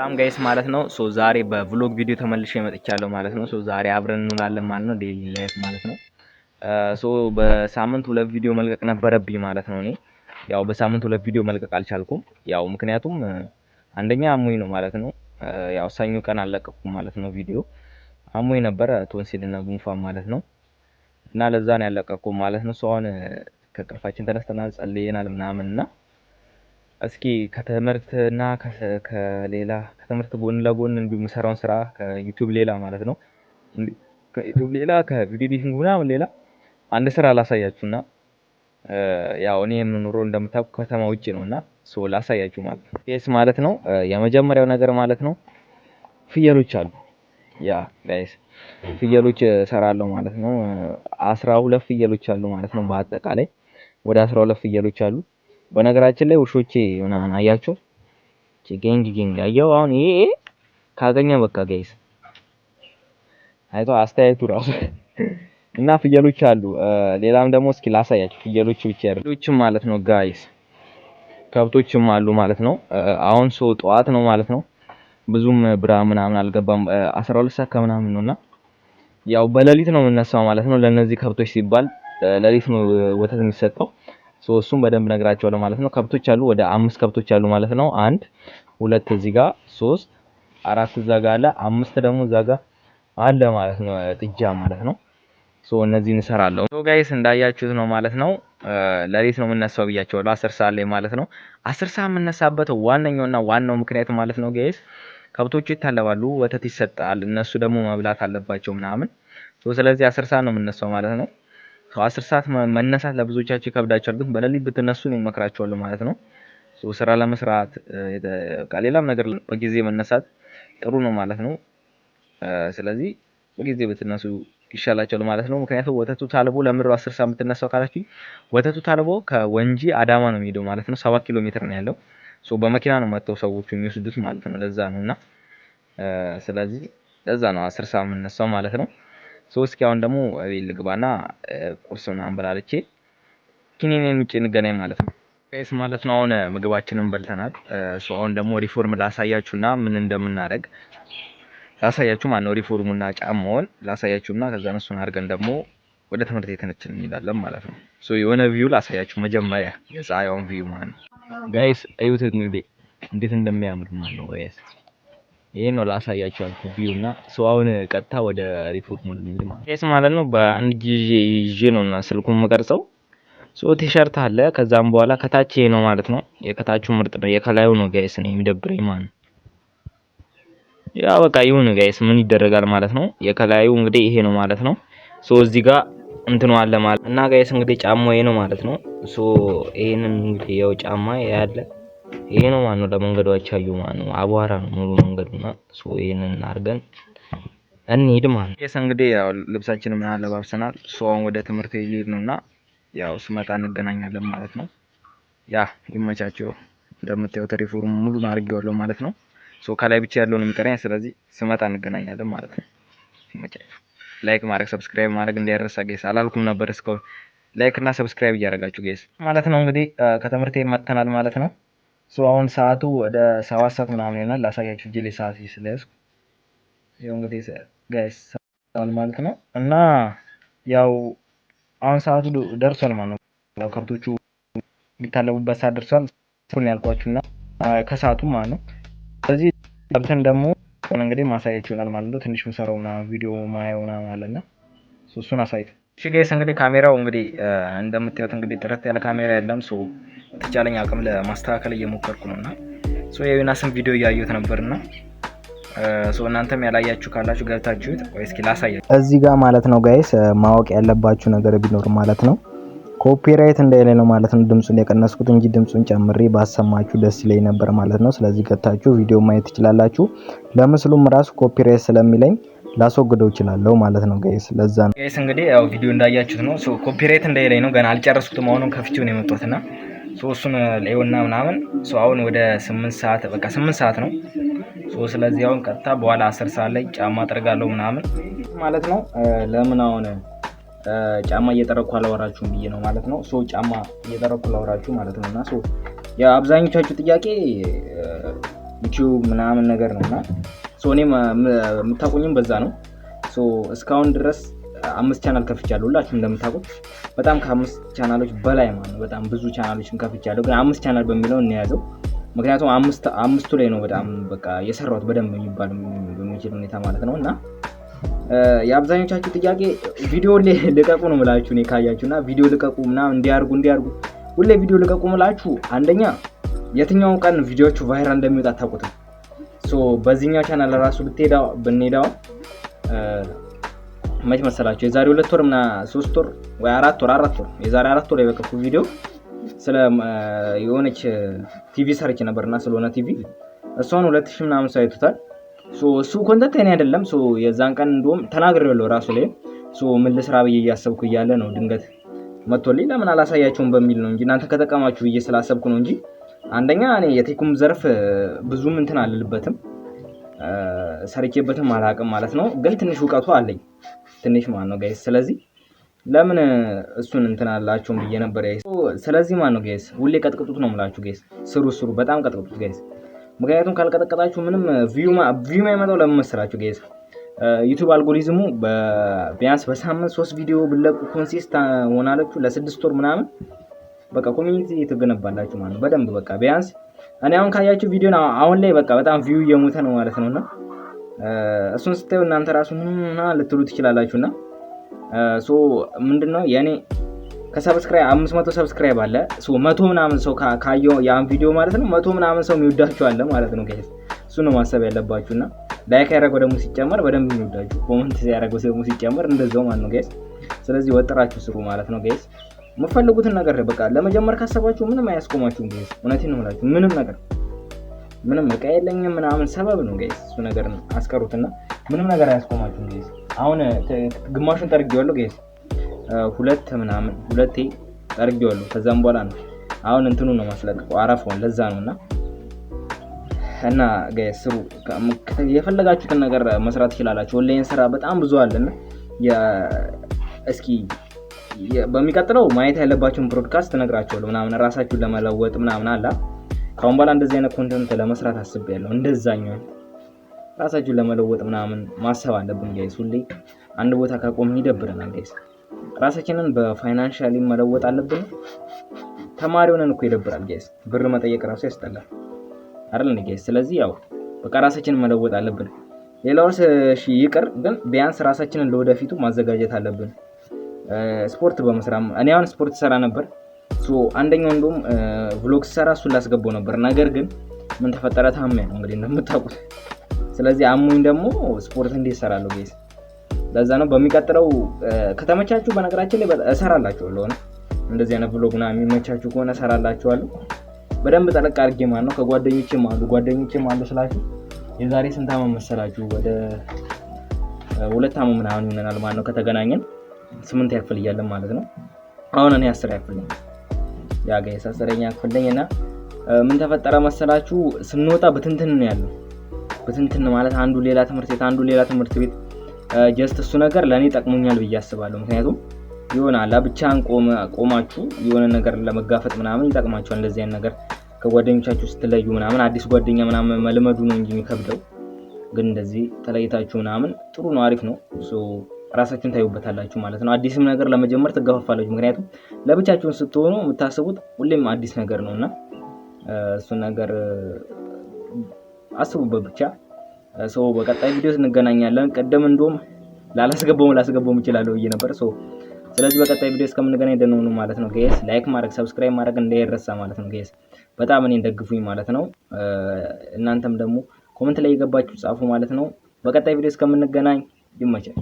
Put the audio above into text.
ሰላም ጋይስ ማለት ነው። ሶ ዛሬ በቭሎግ ቪዲዮ ተመልሼ መጥቻለሁ ማለት ነው። ሶ ዛሬ አብረን እንውላለን ማለት ነው። ዴይሊ ላይፍ ማለት ነው። ሶ በሳምንት ሁለት ቪዲዮ መልቀቅ ነበረብኝ ማለት ነው። እኔ ያው በሳምንት ሁለት ቪዲዮ መልቀቅ አልቻልኩም። ያው ምክንያቱም አንደኛ አሞኝ ነው ማለት ነው። ያው ሰኞ ቀን አልለቀኩም ማለት ነው ቪዲዮ አሞኝ ነበረ፣ ቶንሲል እና ጉንፋን ማለት ነው። እና ለዛ ነው ያለቀኩም ማለት ነው። ሶ አሁን ከቅርፋችን ተነስተናል፣ ጸልየናል ምናምን እና እስኪ ከትምህርትና ከሌላ ከትምህርት ጎን ለጎን እንዲሁ የምሰራውን ስራ ከዩቲዩብ ሌላ ማለት ነው ከዩቲዩብ ሌላ ከቪዲዮ ኤዲቲንግ ምናምን ሌላ አንድ ስራ እና ያው እኔ የምኖረው እንደምታውቁ ከተማ ውጭ ነው እና ላሳያችሁ ማለት ነው። ስ ማለት ነው የመጀመሪያው ነገር ማለት ነው ፍየሎች አሉ። ያ ጋይስ ፍየሎች እሰራለሁ ማለት ነው። አስራ ሁለት ፍየሎች አሉ ማለት ነው። በአጠቃላይ ወደ አስራ ሁለት ፍየሎች አሉ። በነገራችን ላይ ውሾቼ ምናምን አያችሁ ጌንግ ጊንግ አየው። አሁን ይሄ ካገኘ በቃ ጋይስ አይቶ አስተያየቱ ራሱ እና ፍየሎች አሉ። ሌላም ደግሞ እስኪ ላሳያችሁ ፍየሎች ብቻ አይደለም ፍየሎችም ማለት ነው ጋይስ ከብቶችም አሉ ማለት ነው። አሁን ሰው ጠዋት ነው ማለት ነው። ብዙም ብራ ምናምን አልገባም 12 ሰዓት ከምናምን ነውና ያው በሌሊት ነው የምነሳው ማለት ነው። ለነዚህ ከብቶች ሲባል ሌሊት ነው ወተት የሚሰጠው። እሱም በደንብ ነግራቸዋለሁ ማለት ነው። ከብቶች አሉ ወደ አምስት ከብቶች አሉ ማለት ነው። አንድ ሁለት እዚህ ጋር ሶስት አራት እዛ ጋር አለ አምስት ደግሞ እዛ ጋር አለ ማለት ነው። ጥጃ ማለት ነው። ሶ እነዚህን እንሰራለሁ። ሶ ጋይስ እንዳያችሁት ነው ማለት ነው። ለሌት ነው የምነሳው ብያቸዋለሁ። አስር ሰዓት ላይ ማለት ነው። አስር ሰዓት የምነሳበት ዋነኛውና ዋናው ምክንያት ማለት ነው ጋይስ ከብቶቹ ይታለባሉ፣ ወተት ይሰጣል። እነሱ ደግሞ መብላት አለባቸው ምናምን። ስለዚህ አስር ሰዓት ነው የምነሳው ማለት ነው። አስር ሰዓት መነሳት ለብዙዎቻቸው ይከብዳቸዋል፣ ግን በሌሊት ብትነሱ ይመክራቸዋል ማለት ነው። ስራ ለመስራት ከሌላም ነገር በጊዜ መነሳት ጥሩ ነው ማለት ነው። ስለዚህ በጊዜ ብትነሱ ይሻላቸዋል ማለት ነው። ምክንያቱም ወተቱ ታልቦ ለምድሮ አስር ሰዓት የምትነሳው ካላችሁ ወተቱ ታልቦ ከወንጂ አዳማ ነው የሚሄደው ማለት ነው። ሰባት ኪሎ ሜትር ነው ያለው። በመኪና ነው መጥተው ሰዎቹ የሚወስዱት ማለት ነው። ለዛ ነው እና ስለዚህ ለዛ ነው አስር ሰዓት የምነሳው ማለት ነው። ሶ እስኪ አሁን ደግሞ እቤት ልግባና ቁርስ ምናምን በላልቼ ኪኒኔን ውጭ እንገናኝ ማለት ነው። ቀስ ማለት ነው አሁን ምግባችንን በልተናል። እሱ አሁን ደግሞ ሪፎርም ላሳያችሁና ምን እንደምናደርግ ላሳያችሁ ማለት ነው። ሪፎርሙና ጫማውን ላሳያችሁና ከዛ እሱን አድርገን ደግሞ ወደ ትምህርት ቤት እንሄዳለን ማለት ነው። ሶ የሆነ ቪው ላሳያችሁ መጀመሪያ የፀሐይዋን ቪው ማለት ነው። ጋይስ እዩት እንግዲህ እንዴት እንደሚያምር ማለት ነው ጋይስ ይሄ ነው ላሳያቸው ያልኩት ቪው እና ሰው አሁን ቀጥታ ወደ ሪፖርት ሞድ ነው ማለት ነው። ኤስ ማለት ነው በአንድ ጊዜ ይዤ ነው እና ስልኩን መቀርጸው ሶ ቲሸርት አለ። ከዛም በኋላ ከታች ይሄ ነው ማለት ነው። የከታቹ ምርጥ ነው፣ የከላዩ ነው ጋይስ ነው የሚደብረኝ ማለት ነው። ያ በቃ ይሁን ጋይስ ምን ይደረጋል ማለት ነው። የከላዩ እንግዲህ ይሄ ነው ማለት ነው። ሶ እዚህ ጋር እንትኑ አለ ማለት እና ጋይስ እንግዲህ ጫማ ይሄ ነው ማለት ነው። ሶ ይሄንን እንግዲህ ያው ጫማ ያለ ይሄ ነው ነው ለመንገዱ አቻዩ አይቻዩ ነው አቧራ ነው ሙሉ መንገዱና ሶ ይሄንን አድርገን እንሂድ ማለት ነው። እንግዲህ ያው ልብሳችን ምን አለባብሰናል። ሶ አሁን ወደ ትምህርት ሊሄድ ነውና ያው ስመጣ እንገናኛለን ማለት ነው። ያ ይመቻቸው። እንደምታዩት ሪፎርም ሙሉን አድርጌዋለሁ ማለት ነው። ሶ ከላይ ብቻ ያለውን የሚቀረኝ ስለዚህ ስመጣ እንገናኛለን ማለት ነው። ይመቻቸው። ላይክ ማድረግ ሰብስክራይብ ማድረግ እንዳይረሳ ጌስ። አላልኩም ነበር እስካሁን ላይክ እና ሰብስክራይብ እያደረጋችሁ ጌስ ማለት ነው። እንግዲህ ከትምህርት መጥተናል ማለት ነው። ሶ አሁን ሰዓቱ ወደ ሰባት ሰዓት ምናምን ይሆናል። ላሳያችሁ እጄ ላይ ሰዓት ስለያዝኩ እንግዲህ ጋይስ ማለት ነው እና ያው አሁን ሰዓቱ ደርሷል ማለት ነው። ያው ከብቶቹ የሚታለቡበት ሰዓት ደርሷል። ሁን ያልኳችሁና ከሰዓቱ ማለት ነው። ስለዚህ ከብትን ደግሞ እንግዲህ ማሳያችሁ ይሆናል ማለት ነው። ትንሽ ምሰራው ምናምን ቪዲዮ ማየው ምናምን አለና እሱን አሳይት እሺ ጋይስ እንግዲህ ካሜራው እንግዲህ እንደምታዩት እንግዲህ ጥረት ያለ ካሜራ የለም ሶ በተቻለኝ አቅም ለማስተካከል እየሞከርኩ ነው እና የዮናስን ቪዲዮ እያየሁት ነበርና እናንተም ያላያችሁ ካላችሁ ገብታችሁት ወይ እስኪ ላሳያችሁ። እዚህ ጋር ማለት ነው ጋይስ ማወቅ ያለባችሁ ነገር ቢኖር ማለት ነው ኮፒራይት እንዳይለ ነው ማለት ነው ድምፁን የቀነስኩት እንጂ ድምፁን ጨምሬ ባሰማችሁ ደስ ይለኝ ነበር ማለት ነው። ስለዚህ ገብታችሁ ቪዲዮ ማየት ትችላላችሁ። ለምስሉም ራሱ ኮፒራይት ስለሚለኝ ላስወግደው እችላለሁ ማለት ነው ጋይስ። ለዛ ነው ጋይስ እንግዲህ ያው ቪዲዮ እንዳያችሁት ነው። ኮፒራይት እንዳይለኝ ነው ገና አልጨረስኩትም። አሁንም ከፍቼው ነው ሶስቱን ሌውና ምናምን ሰው አሁን ወደ ስምንት ሰዓት በቃ ስምንት ሰዓት ነው። ስለዚህ አሁን ቀጥታ በኋላ አስር ሰዓት ላይ ጫማ አጥርጋለሁ ምናምን ማለት ነው። ለምን አሁን ጫማ እየጠረኩ አላወራችሁ ብዬ ነው ማለት ነው። ጫማ እየጠረኩ ላወራችሁ ማለት ነው። እና የአብዛኞቻችሁ ጥያቄ ዩቲዩብ ምናምን ነገር ነው እና እኔም የምታቆኝም በዛ ነው እስካሁን ድረስ አምስት ቻናል ከፍቻለሁ። ሁላችሁም እንደምታውቁት በጣም ከአምስት ቻናሎች በላይ ማለት ነው። በጣም ብዙ ቻናሎችን ከፍቻለሁ፣ ግን አምስት ቻናል በሚለው እንያዘው። ምክንያቱም አምስቱ ላይ ነው በጣም በቃ የሰራሁት በደንብ የሚባል በሚችል ሁኔታ ማለት ነው። እና የአብዛኞቻችሁ ጥያቄ ቪዲዮ ልቀቁ ነው ምላችሁ እኔ ካያችሁ እና ቪዲዮ ልቀቁ ምናምን እንዲያርጉ እንዲያርጉ ሁሌ ቪዲዮ ልቀቁ ምላችሁ አንደኛ የትኛው ቀን ቪዲዮቹ ቫይራል እንደሚወጣ አታውቁትም። ሶ በዚህኛው ቻናል ራሱ ብትሄዳ ብንሄዳው መች መሰላችሁ የዛሬ ሁለት ወር ምና ሶስት ወር ወይ አራት ወር አራት ወር የዛሬ አራት ወር የበቀፉ ቪዲዮ ስለ የሆነች ቲቪ ሰርች ነበርና ስለሆነ ቲቪ እሷን ሁለት ሺ ምናምን ሰው አይቶታል። እሱ ኮንተንት እኔ አይደለም የዛን ቀን እንዲሁም ተናግሬዋለሁ ራሱ ላይ ምን ልስራ ብዬ እያሰብኩ እያለ ነው ድንገት መቶልኝ ለምን አላሳያቸውም በሚል ነው እንጂ እናንተ ከጠቀማችሁ ብዬ ስላሰብኩ ነው እንጂ አንደኛ እኔ የቴኩም ዘርፍ ብዙም እንትን አልልበትም ሰርቼበትም አላውቅም ማለት ነው። ግን ትንሽ እውቀቱ አለኝ ትንሽ ማን ነው ጋይስ። ስለዚህ ለምን እሱን እንትን አላችሁም ብዬ ነበር ጋይስ። ስለዚህ ማን ነው ጋይስ፣ ሁሌ ቀጥቅጡት ነው የምላችሁ ጋይስ። ስሩ ስሩ፣ በጣም ቀጥቅጡት ጋይስ። ምክንያቱም ካልቀጠቀጣችሁ ምንም ቪው የማይመጣው ለምን መሰላችሁ ጋይስ? ዩቲዩብ አልጎሪዝሙ ቢያንስ በሳምንት ሶስት ቪዲዮ ብለቁ ኮንሲስት ሆናለችሁ ለስድስት ወር ምናምን በቃ ኮሚኒቲ የተገነባላችሁ ማለት ነው። በደንብ በቃ ቢያንስ እኔ አሁን ካያችሁ ቪዲዮን አሁን ላይ በቃ በጣም ቪው እየሞተ ነው ማለት ነውና እሱን ስታዩ እናንተ ራሱ ምና ልትሉ ትችላላችሁ። እና ምንድነው የእኔ ከሰብስክራይ አምስት መቶ ሰብስክራይብ አለ መቶ ምናምን ሰው ካየው ያን ቪዲዮ ማለት ነው መቶ ምናምን ሰው የሚወዳችሁ አለ ማለት ነው። ጋይስ እሱ ነው ማሰብ ያለባችሁ። እና ላይክ ያደረገው ደግሞ ሲጨመር በደንብ የሚወዳችሁ ኮመንት ያደረገው ደግሞ ሲጨመር እንደዛው ማለት ነው ጋይስ። ስለዚህ ወጥራችሁ ስሩ ማለት ነው ጋይስ። የምፈልጉትን ነገር በቃ ለመጀመር ካሰባችሁ ምንም አያስቆማችሁም ጋይስ። እውነቴን ነው የምላችሁ ምንም ነገር ምንም እቃ የለኝም ምናምን ሰበብ ነው ጋይስ። እሱ ነገር አስቀሩትና ምንም ነገር አያስቆማችሁም ጋይስ። አሁን ግማሹን ጠርጌዋለሁ ጋይስ፣ ሁለት ምናምን ሁለቴ ጠርጌዋለሁ። ከዛም በኋላ ነው አሁን እንትኑ ነው ማስለቀቁ አረፋውን። ለዛ ነው እና እና ጋይስ ስሩ፣ የፈለጋችሁትን ነገር መስራት ትችላላችሁ። ኦንላይን ስራ በጣም ብዙ አለና እስኪ በሚቀጥለው ማየት ያለባቸውን ብሮድካስት እነግራቸዋለሁ ምናምን ራሳችሁን ለመለወጥ ምናምን አላ ካሁን በኋላ እንደዚህ አይነት ኮንተንት ለመስራት አስቤያለሁ። እንደዛኛው ራሳችሁን ለመለወጥ ምናምን ማሰብ አለብን ጋይስ። ሁሌ አንድ ቦታ ካቆም ይደብረናል ጋይስ። ራሳችንን በፋይናንሻሊ መለወጥ አለብን። ተማሪ እኮ ይደብራል ጋይስ። ብር መጠየቅ ራሱ ያስጠላል አይደል ጋይስ? ስለዚህ ያው በቃ ራሳችንን መለወጥ አለብን። ሌላውስ እሺ ይቅር፣ ግን ቢያንስ ራሳችንን ለወደፊቱ ማዘጋጀት አለብን። ስፖርት በመስራት እኔ አሁን ስፖርት ሰራ ነበር ሶ አንደኛው እንደውም ቭሎግ ሰራ እሱን ላስገባው ነበር። ነገር ግን ምን ተፈጠረ? ታመ ነው እንግዲህ እንደምታውቁት። ስለዚህ አሙኝ ደግሞ ስፖርት እንዴት እሰራለሁ ጌስ ለዛ ነው በሚቀጥለው ከተመቻችሁ፣ በነገራችን ላይ እሰራላችሁ ለሆነ እንደዚህ አይነት ቭሎግ ና የሚመቻችሁ ከሆነ እሰራላችኋለሁ። በደንብ ጠለቅ አድርጌ ማለት ነው። ከጓደኞችም አሉ ጓደኞችም አሉ ስላችሁ የዛሬ ስንት አመት መሰላችሁ? ወደ ሁለት ዓመት ምናምን ይሆነናል ማለት ነው ከተገናኘን ስምንት ያፍል እያለን ማለት ነው። አሁን እኔ አስር ያክፍል የሀገር የአስረኛ ክፍል ነኝ እና ምን ተፈጠረ መሰላችሁ ስንወጣ ብትንትን ነው ያለው። ብትንትን ማለት አንዱ ሌላ ትምህርት ቤት፣ አንዱ ሌላ ትምህርት ቤት። ጀስት እሱ ነገር ለእኔ ጠቅሞኛል ብዬ አስባለሁ። ምክንያቱም ይሆናል ብቻን ቆማችሁ የሆነ ነገር ለመጋፈጥ ምናምን ይጠቅማችኋል። እንደዚህ አይነት ነገር ከጓደኞቻችሁ ስትለዩ ምናምን አዲስ ጓደኛ ምናምን መልመዱ ነው እንጂ የሚከብደው ግን እንደዚህ ተለይታችሁ ምናምን ጥሩ ነው፣ አሪፍ ነው። ራሳችሁን ታዩበታላችሁ ማለት ነው። አዲስም ነገር ለመጀመር ትገፋፋላችሁ። ምክንያቱም ለብቻችሁን ስትሆኑ የምታስቡት ሁሌም አዲስ ነገር ነው እና እሱን ነገር አስቡበት ብቻ። ሰው በቀጣይ ቪዲዮ እንገናኛለን። ቀደም እንደውም ላላስገባውም ላስገባውም እችላለሁ ብዬ ነበር። ስለዚህ በቀጣይ ቪዲዮ እስከምንገናኝ ደህና ሁኑ ማለት ነው ጌስ። ላይክ ማድረግ ሰብስክራይብ ማድረግ እንዳይረሳ ማለት ነው ጌስ። በጣም እኔን ደግፉኝ ማለት ነው። እናንተም ደግሞ ኮመንት ላይ የገባችሁ ጻፉ ማለት ነው። በቀጣይ ቪዲዮ እስከምንገናኝ ይመቻል።